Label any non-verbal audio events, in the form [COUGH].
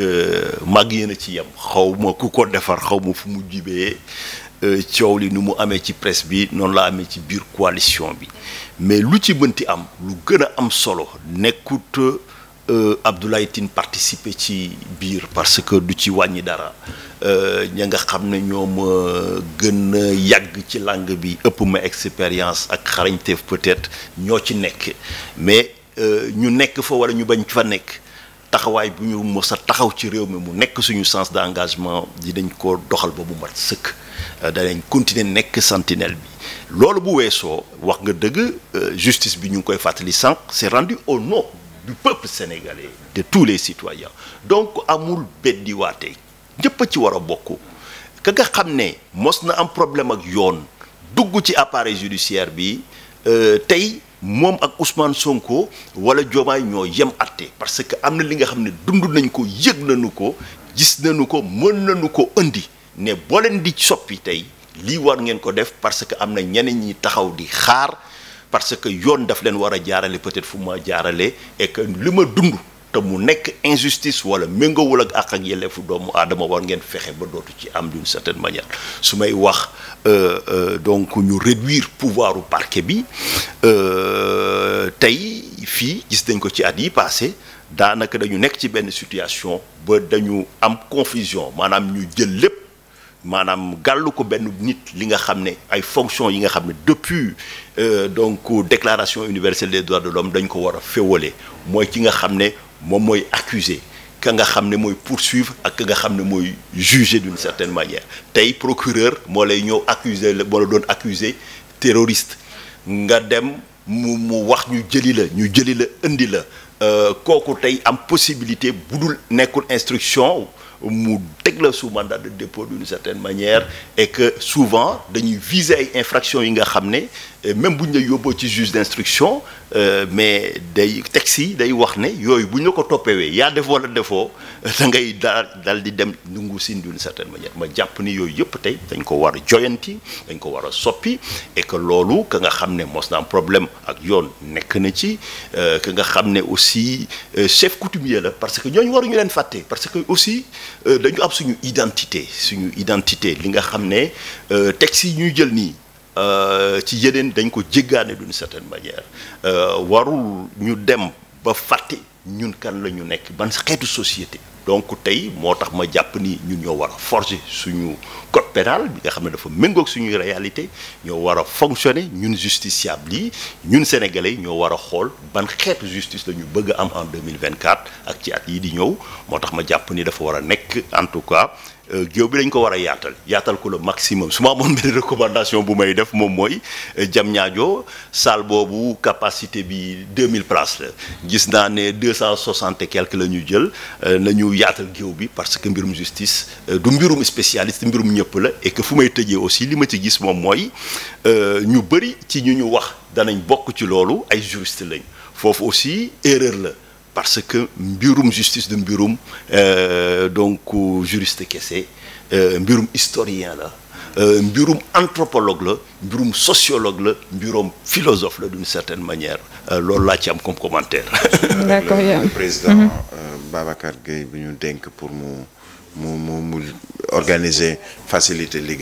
Euh, mag yéen ci yem xaw ma ku ko defar xaw ma fu mu jibee euh, coow li nu mu amee ci presse bi noonu laa amee ci biir coalition bi mais lu ci mënti am lu gën a am solo nekkut euh, Abdoulaye Tine participer ci biir parce que du ci wàññi dara ña nga xam ne ñoom gën a yàgg ci langue bi ëpp ma expérience ak xarañteef peut-être ñoo ci nekk mais ñu nekk fa walla ñu bañ fa nekk taxawaay bu ñu mës a taxaw ci réew mi mu nekk suñu sens d'engagement dinañ ko doxal ba mu mat sëkk euh, danañ continuer nekk sentinelle bi loolu bu weesoo wax nga dëgg euh, justice bi ñu ngi koy fàttali sànq c'est rendu au nom du peuple sénégalais de tous les citoyens donc amul beddiwaate ñëpp a ci war a bokk ka nga xam ne mos na am problème ak yoon dugg ci appareil judiciaire bi euh, tey moom ak Ousmane Sonko wala Diomaye ñoo yem atte parce que am na li nga xam ne dund nañ ko yëg nañu ko gis nañu ko mën nañu ko indi ne boo leen di soppi tey lii war ngeen ko def parce que am na ñeneen ñi taxaw di xaar parce que yoon daf leen war a jaarale peut-être fu ma jaarale et li ma dund te mu nekk injustice wala méngoowul ak ak yelleefu doomu aadama war ngeen fexe ba dootu ci am d'une certaine manière su may wax euh, euh, donc ñu réduire pouvoir u parquet bi euh, tey fii gis nañ ko ci at yi passé daanaka dañu nekk ci benn situation ba dañu am confusion maanaam ñu jël lépp maanaam gàllu ko benn nit li nga xam ne ay fonctions yi nga xam ne depuis donc déclaration universelle des droits de l'homme dañ ko war a féewale mooy ci nga xam ne moom mooy accuser ka nga xam ne mooy poursuivre ak ka nga xam ne mooy juger d'une certaine manière tey procureur moo lay ñëw accuser la boo la doon accuser terroriste nga dem mu mu wax ñu jëli la ñu jëli la indi la euh, kooku tey am possibilité bu dul nekkul instruction mu teg la sous mandat de dépôt d'une certaine manière et que souvent dañuy viser ay infractions yi nga xam ne euh, même bu ñu la yóbboo ci juge d'instruction euh, mais day texte si day wax ne yooyu bu ñu la ko toppewee yaa def wala defoo [LAUGHS] da ngay daal dal di dem ndungu sin d'une certaine manière ma jàpp ni yooyu yëpp tey dañ ko war a joyanti dañ ko war a soppi et que loolu ka nga xam ne mos na problème ak yoon nekk na ci euh, ka nga xam ne aussi chef coutumier la parce que ñooñu waruñu leen fàtte parce que aussi Euh, dañu am suñu identité suñu identité li nga xam ne euh, textes yi ñuy jël nii euh, ci yeneen dañ ko jéggaane d'une certaine manière warul ñu dem ba fàtte ñun kan la ñu nekk ban xeetu société donc tey moo tax ma jàpp ni ñun ñoo war a forger suñu code pénal bi nga xam ne dafa méngoog suñu réalité ñoo war a fonctionner ñun justiciable yi ñun sénégalais ñoo war a xool ban xeetu justice la ñu bëgg a am en 2024 ak ci at yi di ñëw moo tax ma jàpp ni dafa war a nekk en tout cas Euh, géew bi lañ ko war a yaatal yaatal ko le maximum su ma amoon benn recommandation bu may def moom mooy jam euh, ñaajo salle boobu capacité bi 2000 places la gis naa ne 260 et quelque la ñu jël euh, nañu yaatal géew bi parce que mbirum justice du mbirum spécialiste mbirum ñëpp la et fu may tëjee aussi li ma ci gis moom mooy ñu bëri ci ñu ñu wax danañ bokk ci loolu ay juriste lañ foofu aussi erreur la parce que mbirum justice du mbirum euh, donc euh, juriste kese euh, mbirum historien la mbirum anthropologue la mbirum sociologue la mbirum philosophe la d'une certaine manière loolu laa ci am comme commentaire. [LAUGHS] d'accord le président mhm. Babacar Gueye bi ñu dénk pour mu mu mu organiser facilité liggéey.